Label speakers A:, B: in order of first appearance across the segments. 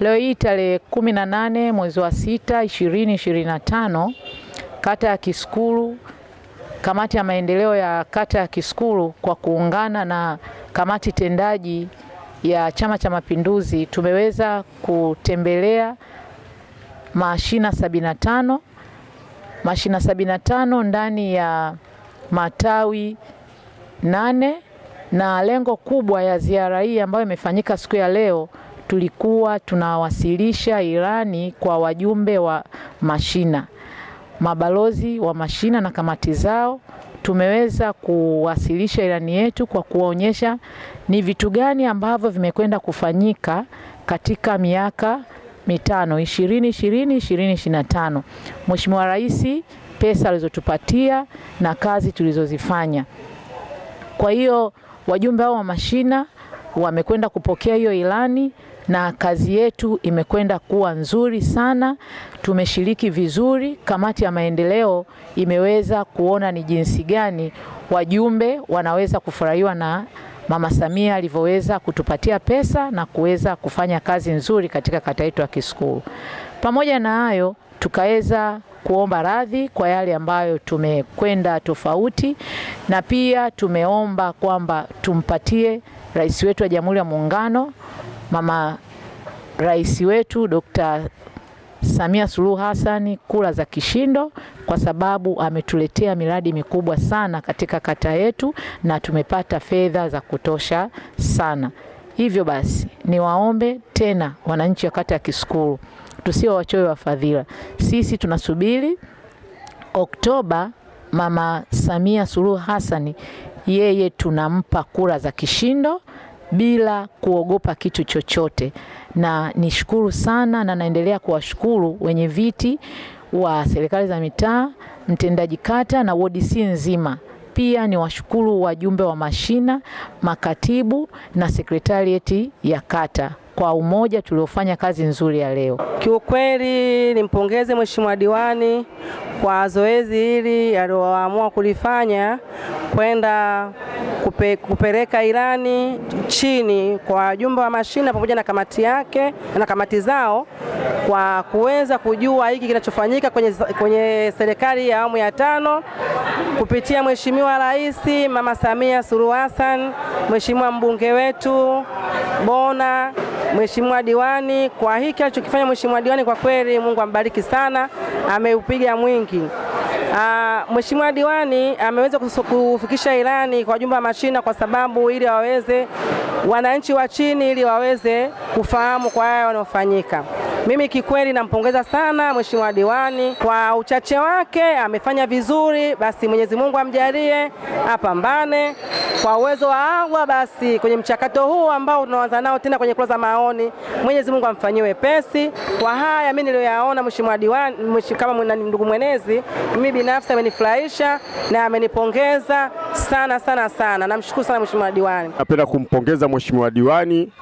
A: Leo hii tarehe 18 mwezi wa 6 2025, kata ya Kisukuru, kamati ya maendeleo ya kata ya Kisukuru kwa kuungana na kamati tendaji ya Chama cha Mapinduzi tumeweza kutembelea mashina 75 mashina 75 ndani ya matawi nane na lengo kubwa ya ziara hii ambayo imefanyika siku ya leo, tulikuwa tunawasilisha ilani kwa wajumbe wa mashina, mabalozi wa mashina na kamati zao. Tumeweza kuwasilisha ilani yetu kwa kuwaonyesha ni vitu gani ambavyo vimekwenda kufanyika katika miaka mitano 2020 2025, Mheshimiwa Rais pesa alizotupatia na kazi tulizozifanya. Kwa hiyo Wajumbe hao wa mashina wamekwenda kupokea hiyo ilani na kazi yetu imekwenda kuwa nzuri sana. Tumeshiriki vizuri, kamati ya maendeleo imeweza kuona ni jinsi gani wajumbe wanaweza kufurahiwa na Mama Samia alivyoweza kutupatia pesa na kuweza kufanya kazi nzuri katika kata yetu ya Kisukuru. Pamoja na hayo tukaweza kuomba radhi kwa yale ambayo tumekwenda tofauti, na pia tumeomba kwamba tumpatie rais wetu wa Jamhuri ya Muungano, mama rais wetu Dr. Samia Suluhu Hassan kura za kishindo kwa sababu ametuletea miradi mikubwa sana katika kata yetu na tumepata fedha za kutosha sana. Hivyo basi niwaombe tena wananchi wa kata ya Kisukuru tusio wachoyo wa fadhila. Sisi tunasubiri Oktoba, Mama Samia Suluhu Hassan, yeye tunampa kura za kishindo bila kuogopa kitu chochote, na nishukuru sana na naendelea kuwashukuru wenye viti wa serikali za mitaa, mtendaji kata na wodi si nzima. Pia ni washukuru wajumbe wa mashina, makatibu na sekretarieti ya kata kwa umoja tuliofanya kazi nzuri ya leo.
B: Kiukweli nimpongeze Mheshimiwa Diwani kwa zoezi hili aliyoamua kulifanya kwenda kupe, kupeleka ilani chini kwa wajumbe wa mashina pamoja na kamati yake na kamati zao kwa kuweza kujua hiki kinachofanyika kwenye, kwenye serikali ya awamu ya tano kupitia Mheshimiwa Rais Mama Samia Suluhu Hassan, Mheshimiwa mbunge wetu Bona Mheshimiwa diwani kwa hiki alichokifanya Mheshimiwa diwani kwa kweli Mungu ambariki sana, ameupiga mwingi. Ah, Mheshimiwa diwani ameweza kufikisha ilani kwa jumba mashina kwa sababu ili waweze wananchi wa chini ili waweze kufahamu kwa haya wanaofanyika. Mimi kikweli nampongeza sana mheshimiwa diwani kwa uchache wake, amefanya vizuri. Basi Mwenyezi Mungu amjalie, apambane kwa uwezo wa Allah. Basi kwenye mchakato huu ambao tunaanza nao tena kwenye kura za maoni, Mwenyezi Mungu amfanyie wepesi kwa haya mimi niliyoyaona. Mheshimiwa diwani kama ndugu mwenezi, mimi binafsi amenifurahisha na amenipongeza sana sana sana. Namshukuru sana mheshimiwa diwani.
C: Napenda kumpongeza mheshimiwa diwani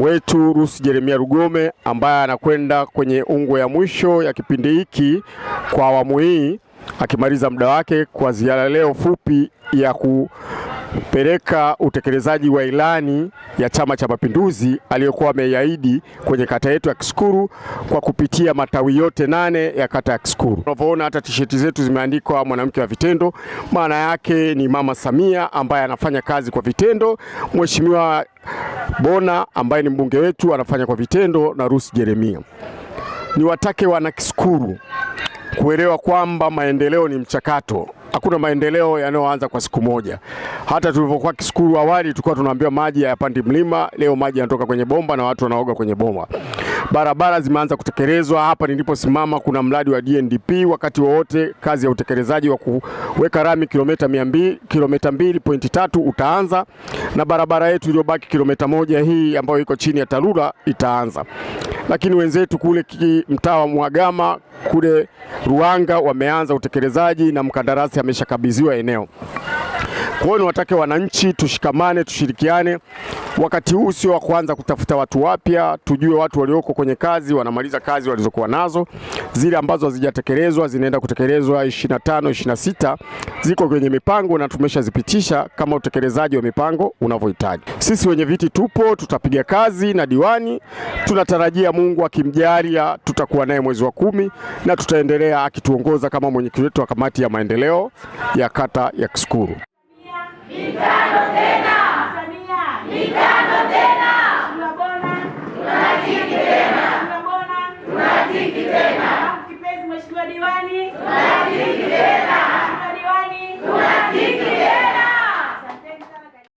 C: wetu Rusi Jeremia Rugome ambaye anakwenda kwenye ungo ya mwisho ya kipindi hiki kwa awamu hii akimaliza muda wake kwa ziara leo fupi ya kupeleka utekelezaji wa ilani ya Chama cha Mapinduzi aliyokuwa ameiahidi kwenye kata yetu ya Kisukuru kwa kupitia matawi yote nane ya kata ya Kisukuru. Unavyoona hata tisheti zetu zimeandikwa mwanamke wa vitendo, maana yake ni Mama Samia ambaye anafanya kazi kwa vitendo. Mheshimiwa Bona ambaye ni mbunge wetu anafanya kwa vitendo na Rusi Jeremia. Niwatake kisukuru kuelewa kwamba maendeleo ni mchakato. Hakuna maendeleo yanayoanza kwa siku moja. Hata tulivyokuwa Kisukuru awali, tulikuwa tunaambiwa maji hayapandi mlima. Leo maji yanatoka kwenye bomba na watu wanaoga kwenye bomba. Barabara zimeanza kutekelezwa. Hapa niliposimama kuna mradi wa DNDP, wakati wowote kazi ya utekelezaji wa kuweka rami kilomita 200 kilomita 2.3 utaanza, na barabara yetu iliyobaki kilomita moja hii ambayo iko chini ya TARURA itaanza. Lakini wenzetu kule mtaa wa Mwagama kule Ruanga wameanza utekelezaji na mkandarasi ameshakabidhiwa eneo. Kwa hiyo niwatake wananchi tushikamane, tushirikiane. Wakati huu sio wa kuanza kutafuta watu wapya, tujue watu walioko kwenye kazi wanamaliza kazi walizokuwa nazo, zile ambazo hazijatekelezwa zinaenda kutekelezwa 25, 26 ziko kwenye mipango na tumeshazipitisha kama utekelezaji wa mipango unavyohitaji. Sisi wenye viti tupo, tutapiga kazi na diwani, tunatarajia Mungu akimjalia tutakuwa naye mwezi wa kumi na tutaendelea akituongoza kama mwenyekiti wetu wa kamati ya maendeleo ya kata ya Kisukuru mitano tena, Samia mitano tena, tunazidi tena